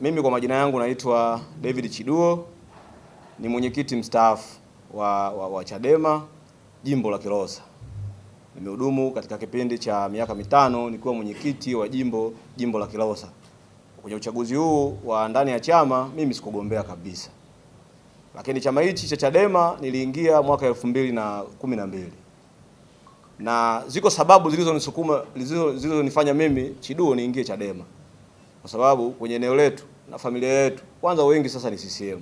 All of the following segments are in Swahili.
Mimi kwa majina yangu naitwa David Chiduo, ni mwenyekiti mstaafu wa, wa, wa Chadema jimbo la Kilosa. Nimehudumu katika kipindi cha miaka mitano nikiwa mwenyekiti wa jimbo jimbo la Kilosa. Kwenye uchaguzi huu wa ndani ya chama mimi sikugombea kabisa, lakini chama hichi cha Chadema niliingia mwaka elfu mbili na kumi na mbili na ziko sababu zilizonisukuma zilizonifanya mimi Chiduo niingie Chadema kwa sababu kwenye eneo letu na familia yetu, kwanza wengi sasa ni CCM.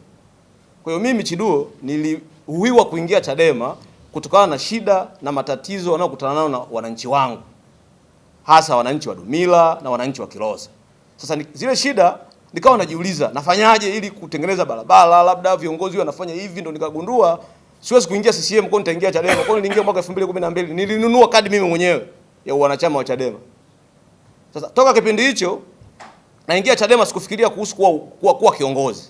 Kwa hiyo mimi Chiduo nilihuiwa kuingia Chadema kutokana na shida na matatizo wanayokutana nayo na wananchi wangu, hasa wananchi wa Dumila na wananchi wa Kilosa. Sasa ni, zile shida nikawa najiuliza nafanyaje ili kutengeneza barabara, labda viongozi wanafanya hivi, ndo nikagundua siwezi kuingia CCM kwa nitaingia Chadema. Kwa niliingia mwaka 2012 nilinunua kadi mimi mwenyewe ya wanachama wa Chadema. Sasa toka kipindi hicho naingia Chadema sikufikiria kuhusu kuwa, kuwa, kuwa kiongozi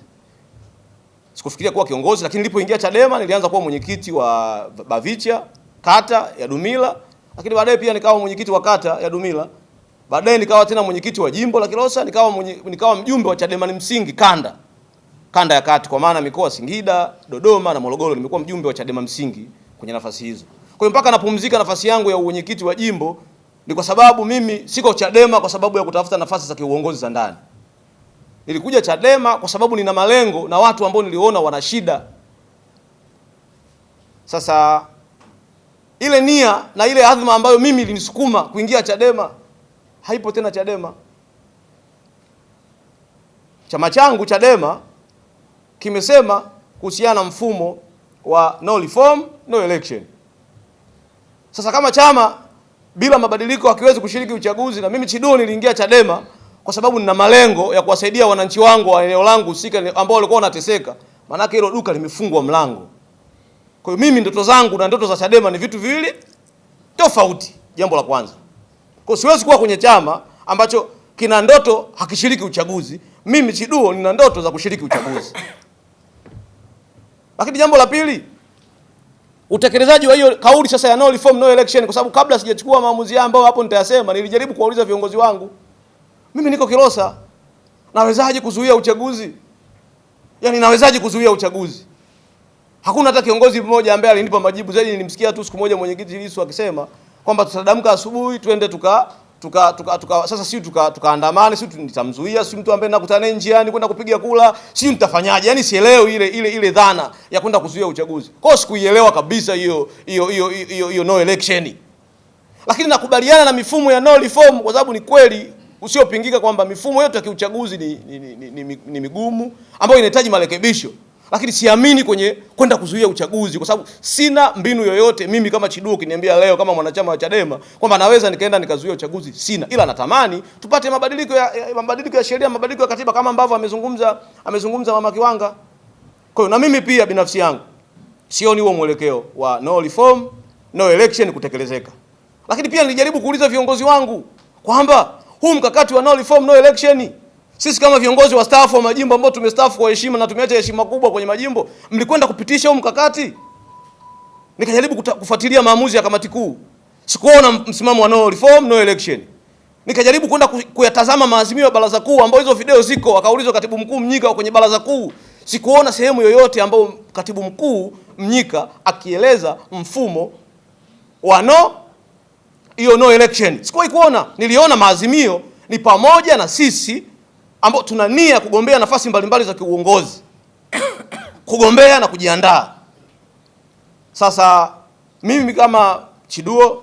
sikufikiria kuwa kiongozi, lakini nilipoingia Chadema nilianza kuwa mwenyekiti wa Bavicha kata ya Dumila, lakini baadaye pia nikawa mwenyekiti wa kata ya Dumila, baadaye nikawa tena mwenyekiti wa jimbo la Kilosa, nikawa mwenye, nikawa mjumbe wa Chadema ni msingi kanda kanda ya kati, kwa maana mikoa Singida, Dodoma na Morogoro. Nimekuwa mjumbe wa Chadema msingi kwenye nafasi hizo, kwa hiyo mpaka napumzika nafasi yangu ya mwenyekiti wa jimbo ni kwa sababu mimi siko Chadema kwa sababu ya kutafuta nafasi za kiuongozi za ndani. Nilikuja Chadema kwa sababu nina malengo na watu ambao niliona wana shida. Sasa ile nia na ile adhma ambayo mimi ilinisukuma kuingia Chadema haipo tena. Chadema, chama changu Chadema kimesema kuhusiana na mfumo wa no reform no election. Sasa kama chama bila mabadiliko hakiwezi kushiriki uchaguzi. Na mimi Chiduo niliingia Chadema kwa sababu nina malengo ya kuwasaidia wananchi wangu wa eneo langu husika ambao walikuwa wanateseka, maanake hilo duka limefungwa mlango. Kwa hiyo mimi ndoto zangu na ndoto za Chadema ni vitu viwili tofauti, jambo la kwanza. Kwa siwezi kuwa kwenye chama ambacho kina ndoto hakishiriki uchaguzi. Mimi Chiduo nina ndoto za kushiriki uchaguzi. Lakini jambo la pili utekelezaji wa hiyo kauli sasa ya no reform no election, kwa sababu kabla sijachukua maamuzi ambayo hapo nitayasema, nilijaribu kuwauliza viongozi wangu, mimi niko Kilosa, nawezaje kuzuia uchaguzi? Yaani nawezaje kuzuia uchaguzi? Hakuna hata kiongozi mmoja ambaye alinipa majibu zaidi. Nilimsikia tu siku moja mwenyekiti Lissu akisema kwamba tutadamka asubuhi, twende tuka tuka, tuka, tuka sasa si tukaandamane tuka si nitamzuia si mtu ambaye nakutana naye njiani kwenda kupiga kula si mtafanyaje? Yani sielewi ile ile ile dhana ya kwenda kuzuia uchaguzi kwao, sikuielewa kabisa hiyo hiyo hiyo hiyo no election, lakini nakubaliana na mifumo ya no reform kwa sababu ni kweli usiopingika kwamba mifumo yote ya kiuchaguzi ni, ni, ni, ni, ni migumu ambayo inahitaji marekebisho lakini siamini kwenye kwenda kuzuia uchaguzi, kwa sababu sina mbinu yoyote mimi. Kama Chiduo ukiniambia leo kama mwanachama wa Chadema kwamba naweza nikaenda nikazuia uchaguzi, sina, ila natamani tupate mabadiliko ya, ya mabadiliko ya sheria, mabadiliko ya katiba kama ambavyo amezungumza amezungumza mama Kiwanga. Kwa hiyo na mimi pia binafsi yangu sioni huo mwelekeo wa no reform no election kutekelezeka, lakini pia nilijaribu kuuliza viongozi wangu kwamba huu mkakati wa no reform no election sisi kama viongozi wa staff wa majimbo ambao tumestaafu kwa heshima na tumeacha heshima kubwa kwenye majimbo, mlikwenda kupitisha huu mkakati? Nikajaribu kufuatilia maamuzi ya kamati kuu, sikuona msimamo wa no reform no election. Nikajaribu kwenda kuyatazama maazimio ya baraza kuu, ambao hizo video ziko, akaulizwa katibu mkuu Mnyika kwenye baraza kuu, sikuona sehemu yoyote ambayo katibu mkuu Mnyika akieleza mfumo wa no hiyo no election, sikuwahi kuona. Niliona maazimio ni pamoja na sisi ambao tuna nia kugombea nafasi mbalimbali za kiuongozi, kugombea na kujiandaa. Sasa mimi kama Chiduo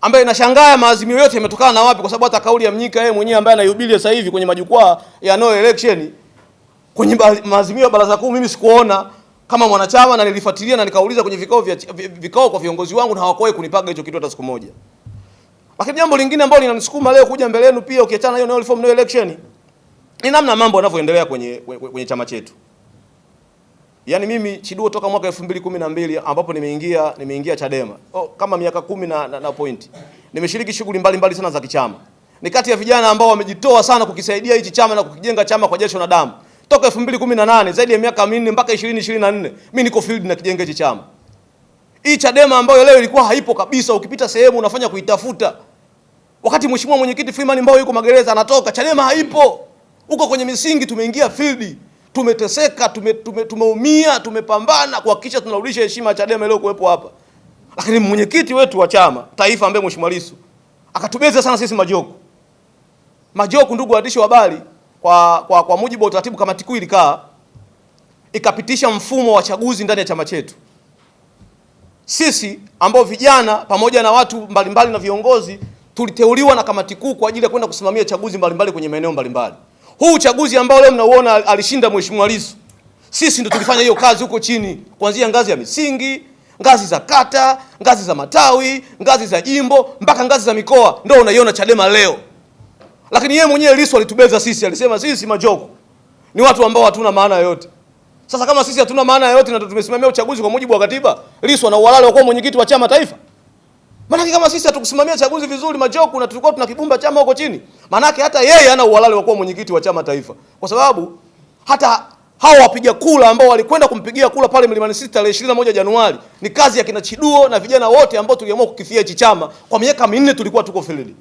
ambaye nashangaa maazimio yote yametokana na wapi, kwa sababu hata kauli ya Mnyika yeye mwenyewe ambaye anahubiri sasa hivi kwenye majukwaa ya no election, kwenye maazimio ya baraza kuu mimi sikuona kama mwanachama, na nilifuatilia na nikauliza kwenye vikao vya vikao kwa viongozi wangu, na hawakuwahi kunipaga hicho kitu hata siku moja. Lakini jambo lingine ambalo linanisukuma leo kuja mbele yenu pia ukiachana hiyo na reform no election ni namna mambo yanavyoendelea kwenye, kwenye chama chetu. Yaani mimi Chiduo toka mwaka 2012 ambapo nimeingia nimeingia Chadema. Oh, kama miaka kumi na, na, na point. Nimeshiriki shughuli mbalimbali sana za kichama. Ni kati ya vijana ambao wamejitoa sana kukisaidia hichi chama na kukijenga chama kwa jasho na damu. Toka 2018 zaidi ya miaka minne mpaka 2024 mimi niko field na kijenga hichi chama. Hii Chadema ambayo leo ilikuwa haipo kabisa, ukipita sehemu unafanya kuitafuta wakati mheshimiwa mwenyekiti Freeman Mbowe yuko magereza anatoka, Chadema haipo huko kwenye misingi. Tumeingia field, tumeteseka, tumeumia, tume tumepambana kuhakikisha tunarudisha heshima ya Chadema iliyokuwepo hapa, lakini mwenyekiti wetu wa chama taifa ambaye mheshimiwa Lissu akatubeza sana sisi Majoku. Majoku, ndugu waandishi wa habari, kwa, kwa, kwa mujibu wa utaratibu, kamati kuu ilikaa ikapitisha mfumo wa chaguzi ndani ya chama chetu. Sisi ambao vijana pamoja na watu mbalimbali mbali na viongozi tuliteuliwa na kamati kuu kwa ajili ya kwenda kusimamia chaguzi mbalimbali kwenye maeneo mbalimbali. Huu uchaguzi ambao leo mnauona alishinda Mheshimiwa Lissu, sisi ndo tulifanya hiyo kazi huko chini, kuanzia ngazi ya misingi, ngazi za kata, ngazi za matawi, ngazi za jimbo, mpaka ngazi za mikoa, ndio unaiona Chadema leo. Lakini yeye mwenyewe Lissu alitubeza sisi, alisema sisi majoko ni watu ambao hatuna maana yoyote. Sasa kama sisi hatuna maana yoyote na tumesimamia uchaguzi kwa mujibu wa katiba, Lissu ana uhalali wa kuwa mwenyekiti wa chama taifa? Maana kama sisi hatukusimamia chaguzi vizuri, Majoku, na tulikuwa tuna kibumba chama huko chini, Maana hata yeye ana uhalali wa kuwa mwenyekiti wa chama taifa, kwa sababu hata hao wapiga kula ambao walikwenda kumpigia kula pale Mlimani City tarehe 21 Januari ni kazi ya kina Chiduo na vijana wote ambao tuliamua kukifia hichi chama. Kwa miaka minne tulikuwa tuko filidi,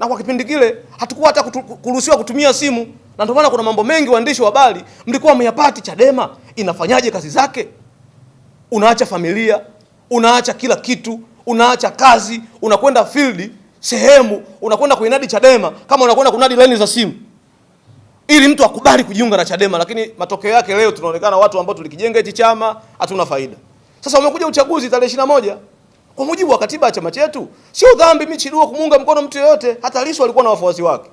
na kwa kipindi kile hatukuwa hata kuruhusiwa kutumia simu, na ndio maana kuna mambo mengi waandishi wa habari mlikuwa mmeyapati. Chadema inafanyaje kazi zake? Unaacha familia, unaacha kila kitu unaacha kazi, unakwenda field sehemu, unakwenda kuinadi Chadema kama unakwenda kunadi laini za simu ili mtu akubali kujiunga na Chadema, lakini matokeo yake leo tunaonekana watu ambao tulikijenga hichi chama hatuna faida. Sasa umekuja uchaguzi tarehe ishirini na moja kwa mujibu wa katiba ya chama chetu, sio dhambi mimi Chiduo kumuunga mkono mtu yeyote. Hata lisu alikuwa na wafuasi wake.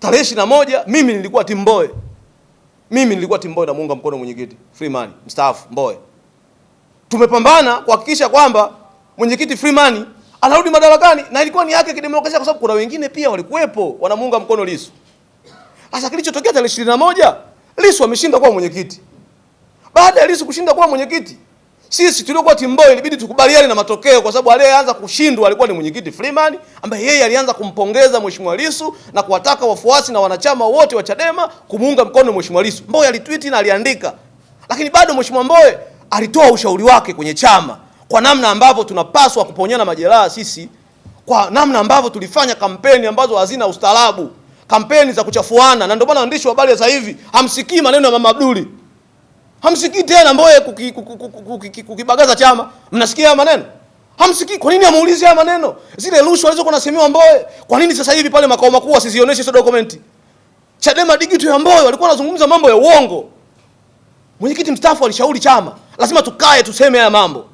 Tarehe ishirini na moja mimi nilikuwa timu mimi nilikuwa timu Mbowe, namuunga mkono mwenyekiti Freeman mstaafu Mbowe. Tumepambana kuhakikisha kwamba mwenyekiti Freeman anarudi madarakani, na ilikuwa ni yake kidemokrasia, kwa sababu kuna wengine pia walikuwepo wanamuunga mkono Lissu. Sasa kilichotokea tarehe ishirini na moja Lissu ameshinda kuwa mwenyekiti. Baada ya Lissu kushinda kuwa mwenyekiti, sisi tuliokuwa timbo ilibidi tukubaliane na matokeo, kwa sababu aliyeanza kushindwa alikuwa ni mwenyekiti Freeman, ambaye yeye alianza kumpongeza mheshimiwa Lissu na kuwataka wafuasi na wanachama wote wa Chadema kumuunga mkono mheshimiwa Lissu. Mboye alitwiti na aliandika, lakini bado mheshimiwa Mboye alitoa ushauri wake kwenye chama kwa namna ambavyo tunapaswa kuponyana majeraha sisi, kwa namna ambavyo tulifanya kampeni ambazo hazina ustaarabu, kampeni za kuchafuana. Na ndio maana waandishi wa habari sasa hivi hamsikii maneno ya mama Abduli, hamsikii tena Mbowe kukibagaza chama, mnasikia haya maneno hamsikii. Kwa nini hamuulizi haya maneno? Zile rushwa alizokuwa nasemewa Mbowe, kwa nini sasa hivi pale makao makuu asizionyeshe hizo dokumenti? Chadema digital ya Mbowe walikuwa wanazungumza mambo ya uongo. Mwenyekiti mstaafu alishauri chama lazima tukae tuseme haya mambo.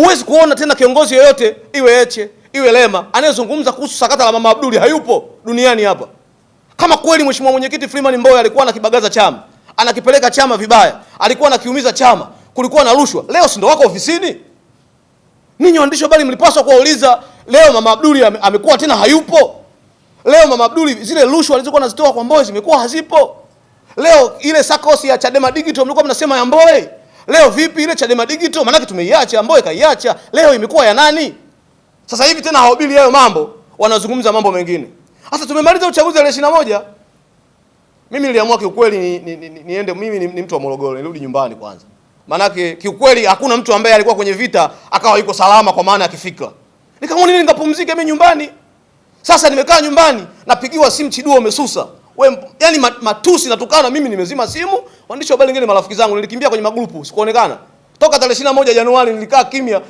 Huwezi kuona tena kiongozi yoyote iwe Heche iwe Lema anayezungumza kuhusu sakata la mama Abduli, hayupo duniani hapa. Kama kweli mheshimiwa mwenyekiti Freeman Mbowe alikuwa anakibagaza chama, anakipeleka chama vibaya, alikuwa anakiumiza chama, kulikuwa na rushwa, leo si ndo wako ofisini? Ninyi waandishi habari mlipaswa kuwauliza leo mama Abduli amekuwa tena hayupo? Leo mama Abduli zile rushwa alizokuwa anazitoa kwa Mbowe zimekuwa hazipo? Leo ile sakosi ya Chadema Digital mlikuwa mnasema ya Mbowe Leo vipi ile Chadema Digital? Maanake tumeiacha, ambayo ikaiacha leo imekuwa ya nani? Sasa hivi tena hawabili hayo mambo, wanazungumza mambo mengine. Sasa tumemaliza uchaguzi wa ishirini na moja. Mimi niliamua kiukweli ni, ni, ni, ni, niende mimi ni, ni mtu wa Morogoro, nirudi nyumbani kwanza. Maanake kiukweli hakuna mtu ambaye alikuwa kwenye vita akawa yuko salama kwa maana ya kifikra. Nikaona nini nikapumzike mimi nyumbani. Sasa nimekaa nyumbani napigiwa simu Chiduo umesusa. We, yani matusi natukana, mimi nimezima simu. Waandishi habari wengine marafiki zangu, nilikimbia kwenye magrupu, sikuonekana toka tarehe 21 Januari, nilikaa kimya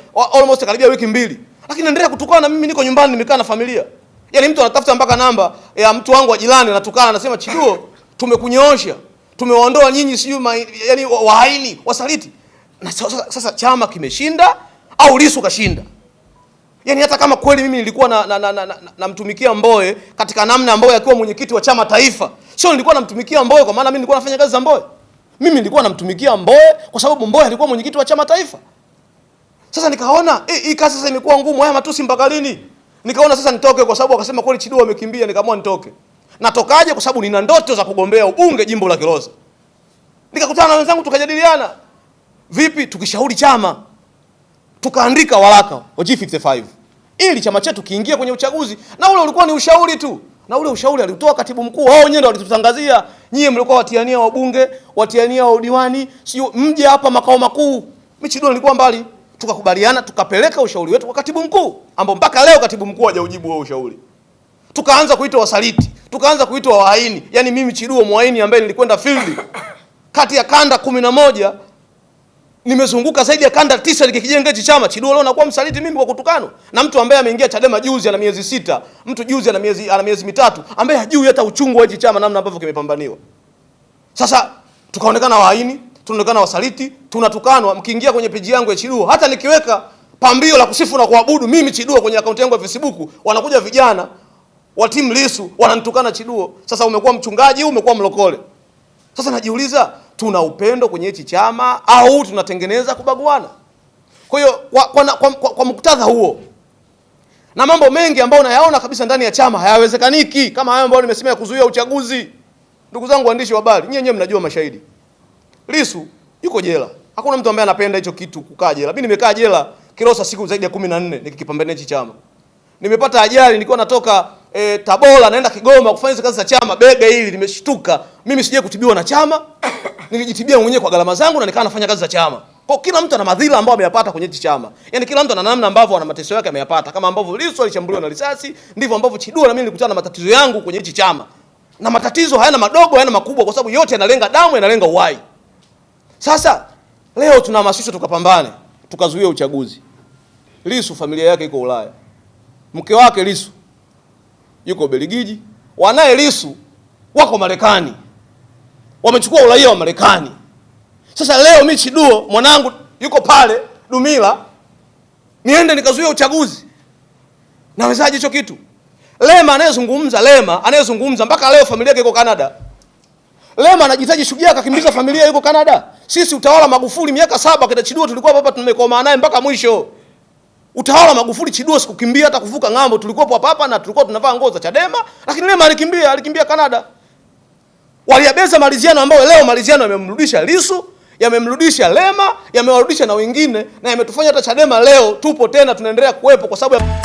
almost karibia wiki mbili, lakini naendelea kutukana. Mimi niko nyumbani, nimekaa na familia. Yani mtu anatafuta mpaka namba ya mtu wangu wa jirani, anatukana, anasema Chiduo, tumekunyoosha, tumewaondoa nyinyi, siyo yani wahaini, wasaliti. Na sasa, sasa chama kimeshinda au lisu kashinda? Yaani hata kama kweli mimi nilikuwa namtumikia na, na, na, na, na Mbowe katika namna ambayo akiwa mwenyekiti wa chama taifa, sio nilikuwa namtumikia Mbowe kwa maana mimi nilikuwa nafanya kazi za Mbowe. Mimi nilikuwa namtumikia Mbowe kwa sababu Mbowe alikuwa mwenyekiti wa chama taifa. Sasa nikaona hii e, e, kazi sasa imekuwa ngumu, haya matusi mpaka lini? Nikaona sasa nitoke, kwa sababu akasema kweli Chiduo amekimbia, nikaamua nitoke. Natokaje? Kwa sababu nina ndoto za kugombea ubunge jimbo la Kilosa. Nikakutana na wenzangu tukajadiliana, vipi tukishauri chama tukaandika waraka wa G55 ili chama chetu kiingie kwenye uchaguzi, na ule ulikuwa ni ushauri tu, na ule ushauri alitoa katibu mkuu wao wenyewe, ndio walitutangazia nyie, mlikuwa watiania wa bunge, watiania wa udiwani, sio mje hapa makao makuu. Michiduo ilikuwa mbali, tukakubaliana, tukapeleka ushauri wetu kwa katibu mkuu, ambao mpaka leo katibu mkuu hajaujibu wao ushauri. Tukaanza kuitwa wasaliti, tukaanza kuitwa waaini. Yani mimi Chiduo mwaini ambaye nilikwenda field kati ya kanda kumi na moja nimezunguka zaidi ya kanda tisa nikikijenga hichi chama Chiduo leo nakuwa msaliti mimi kwa kutukanwa na mtu ambaye ameingia Chadema juzi ana miezi sita, mtu juzi ana miezi ana miezi mitatu ambaye hajui hata uchungu wa hichi chama namna ambavyo kimepambaniwa. Sasa tukaonekana waaini, tunaonekana wasaliti, tunatukanwa. Mkiingia kwenye peji yangu ya Chiduo, hata nikiweka pambio la kusifu na kuabudu mimi Chiduo kwenye akaunti yangu ya Facebook, wanakuja vijana wa timu Lisu wananitukana Chiduo. Sasa umekuwa mchungaji, umekuwa mlokole. Sasa najiuliza tuna upendo kwenye hichi chama au tunatengeneza kubaguana. Kwa hiyo kwa, kwa, kwa, kwa, kwa muktadha huo na mambo mengi ambayo unayaona kabisa ndani ya chama hayawezekaniki kama hayo ambayo nimesema ya kuzuia uchaguzi. Ndugu zangu waandishi wa habari, nyinyi mnajua mashahidi. Lisu yuko jela, hakuna mtu ambaye anapenda hicho kitu kukaa jela. Mimi nimekaa jela Kilosa siku zaidi ya 14 nikikipambania hichi chama. Nimepata ajali nilikuwa natoka e, Tabora naenda Kigoma kufanya kazi za chama, bega hili limeshtuka. Mimi sije kutibiwa na chama nilijitibia mwenyewe kwa gharama zangu na nikawa nafanya kazi za chama. Kwa kila mtu ana madhila ambayo ameyapata kwenye chama. Yaani kila mtu ana namna ambavyo ana mateso yake ameyapata. Kama ambavyo Lissu alishambuliwa na risasi, ndivyo ambavyo Chidua na mimi nilikutana na matatizo yangu kwenye hichi chama. Na matatizo hayana madogo, hayana makubwa kwa sababu yote yanalenga damu, yanalenga uhai. Sasa leo tunahamasishwa tukapambane, tukazuia uchaguzi. Lissu familia yake iko Ulaya. Mke wake Lissu yuko Beligiji. wanaye Lissu wako Marekani wamechukua uraia wa Marekani. Sasa leo mi Chiduo mwanangu yuko pale Dumila, niende nikazuia uchaguzi? Nawezaje hicho kitu? Lema anayezungumza Lema anayezungumza mpaka leo familia yake iko Canada. Lema anajitaji shujaa, akakimbiza familia yuko Canada. Sisi utawala Magufuli miaka saba kina Chiduo tulikuwa hapa, tumekoma naye mpaka mwisho. Utawala Magufuli Chiduo sikukimbia hata kuvuka ng'ambo, tulikuwa hapa na tulikuwa tunavaa nguo za Chadema, lakini Lema alikimbia, alikimbia Canada. Waliyabeza maliziano ambayo leo maliziano yamemrudisha lisu yamemrudisha Lema, yamewarudisha na wengine na yametufanya hata Chadema leo tupo tena tunaendelea kuwepo kwa sababu ya...